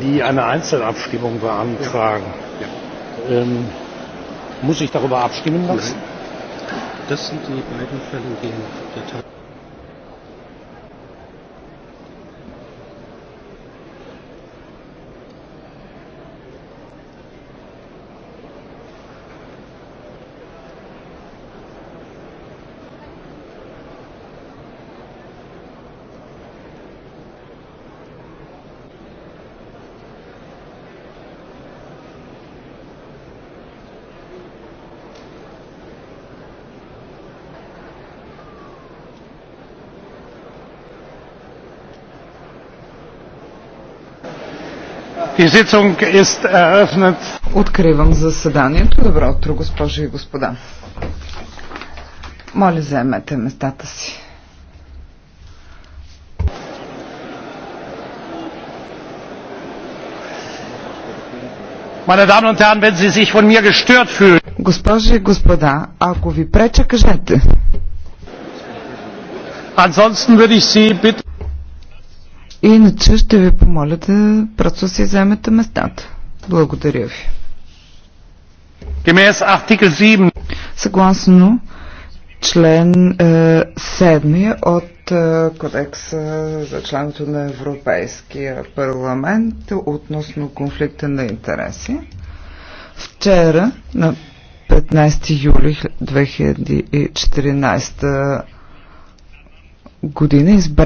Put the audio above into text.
die eine Einzelabstimmung beantragen. ja. Ja. Ähm, muss ich darüber abstimmen lassen? Nein. Das sind die beiden Fälle, die in der Tat. Откривам заседанието. Добро утро, госпожи и господа. Моля, заемете местата си. Госпожи и господа, ако ви преча, кажете. Ansonsten würde ich Sie bitten, Иначе ще ви помоля да просто си вземете местата. Благодаря ви. Съгласно член е, 7 от е, Кодекса за членото на Европейския парламент относно конфликта на интереси, вчера на 15 юли 2014 година избра